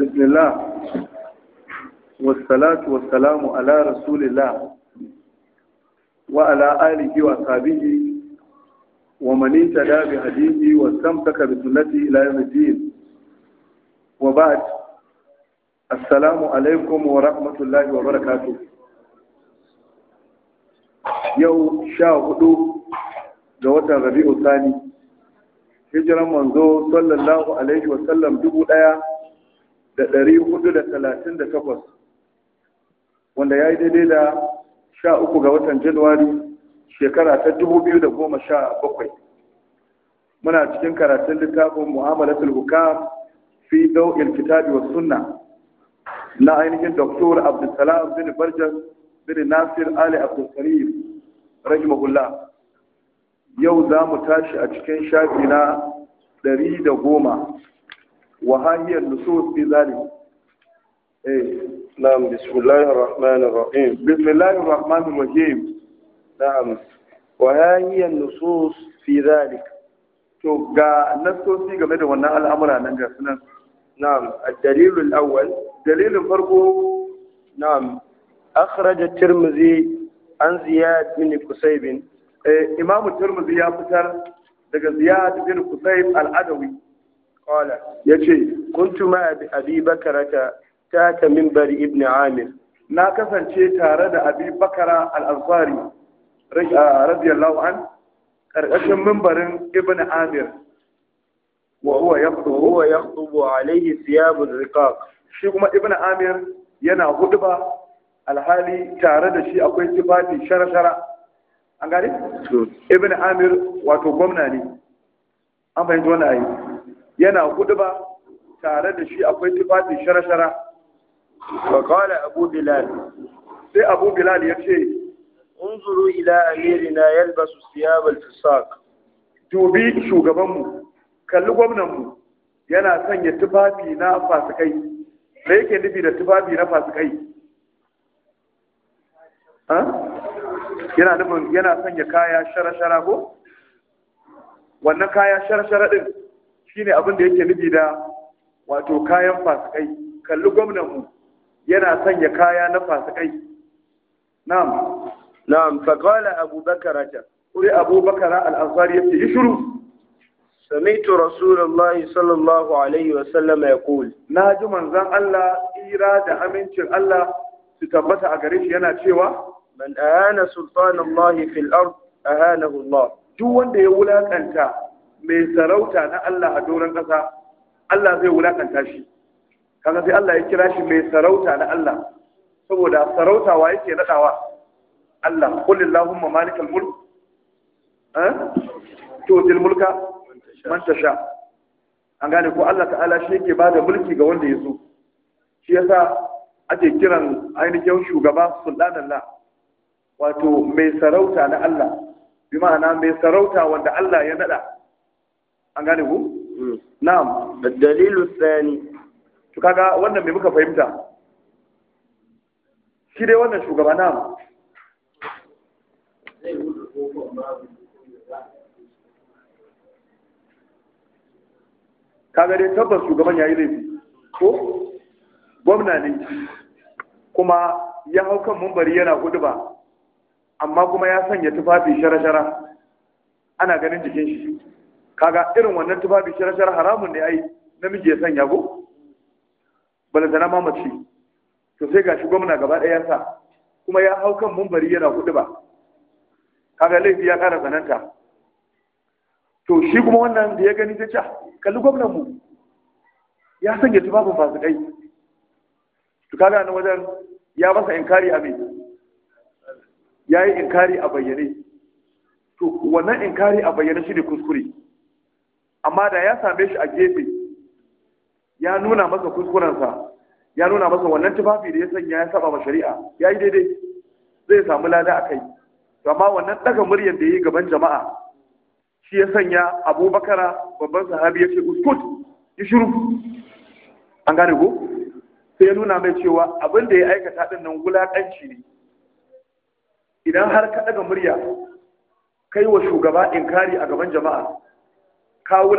بسم الله والصلاة والسلام على رسول الله وعلى آله وأصحابه ومن اهتدى بهديه واستمسك بسنته إلى يوم الدين وبعد السلام عليكم ورحمة الله وبركاته يوم sha hudu ga watan rabi'u sani hijiran manzo sallallahu alaihi wasallam dubu daya da ɗari hudu da talatin da takwas wanda ya yi daidai da sha uku ga watan januwari shekara ta dubu biyu da goma sha bakwai muna cikin karatun littafin mu'amalatul hukam fi dau'il kitabi wa sunna na ainihin doktor abdulsalam bin barjas bin nasir ali abdulkarim rahimahullah yau za mu tashi a cikin shafi na ɗari da goma وهي النصوص في ذلك إيه. نعم بسم الله الرحمن الرحيم بسم الله الرحمن الرحيم نعم وها النصوص في ذلك to ga nassosi game da wannan al'amura nan ga sunan na'am ad-dalilul awwal dalilin farko na'am akhraj at-tirmidhi an ziyad bin qusayb eh imam tirmidhi ya fitar daga ziyad bin qusayb al-adawi Ya ce, kun ma abi bakarata ta ta minbar ibn amir na kasance tare da abi bakara al-ansari radiyallahu an ƙarƙashin mimbarin ibn amir wa huwa wa huwa yakhutubu alayhi thiyab al-riqaq shi kuma ibn amir yana ba, alhali tare da shi akwai sifati shara-shara an gari? ibn amir wato gwamna ne an fahimci wani ayi yana ba, tare da shi akwai tufafin shara-shara ba kawai abu bilal sai abu bilal ya ce unzuru ila amirina yalbasu siyab al-fisaq dubi shugabanmu kalli gwamnanmu yana sanya tufafi na fasikai me yake nufi da tufafi na fasikai yana sanya kaya shara-shara ko wannan kaya shara-shara din shine abin da yake nufi da wato kayan fasikai kalli gwamnanmu yana sanya kaya na fasikai na'am na'am fa qala abu bakara ta sai abu bakara al-ansari yace yi shiru sami'tu rasulullahi sallallahu alaihi wa sallam yaqul na ji manzon Allah ira da amincin Allah su tabbata a gare shi yana cewa man ahana sultanallahi fil ard ahanahu Allah duk wanda ya wulakanta mai sarauta na Allah a doron ƙasa Allah zai wulakanta shi kaga sai Allah ya kira shi mai sarauta na Allah saboda sarauta wa yake nadawa Allah qul allahumma malikal mulk eh tu'til mulka man tasha an gane ko Allah ta'ala shi yake bada mulki ga wanda ya so shi yasa ake kiran ainihin shugaba sultanallah wato mai sarauta na Allah bi ma'ana mai sarauta wanda Allah ya nada an gane ku hmm. na'am dalilu tsani to kaga wannan me muka fahimta shi dai wannan shugaba na'am kaga dai tabbas shugaban yayi laifi ko gwamna ne kuma ya hau kan mumbari yana ba, amma kuma ya sanya tufafi shara-shara ana ganin jikin shi kaga irin wannan tufafi shirashar haramun ne ai namiji ya sanya ko balantana ma mace to sai gashi gwamna gaba ɗaya sa kuma ya hau kan mumbari yana kuɗi ba kaga laifi ya ƙara tsananta to shi kuma wannan da ya gani ta ca ah, kalli gwamnan mu ya sanya tufafin kai to kaga na wajen ya masa inkari a mai ya yi inkari a bayyane to wannan inkari a bayyane shi ne kuskure amma da ya same shi a gefe ya nuna masa kuskurensa ya nuna masa wannan tufafi da ya sanya ya saba ma shari'a ya yi daidai zai samu lada a kai amma wannan ɗaga muryar da ya yi gaban jama'a shi ya sanya abubakara babban sahabi ya ce uskut ya shiru an gane ko sai ya nuna mai cewa abin da ya aikata din nan wulaƙanci ne idan har ka daga murya kai wa shugaba inkari a gaban jama'a I?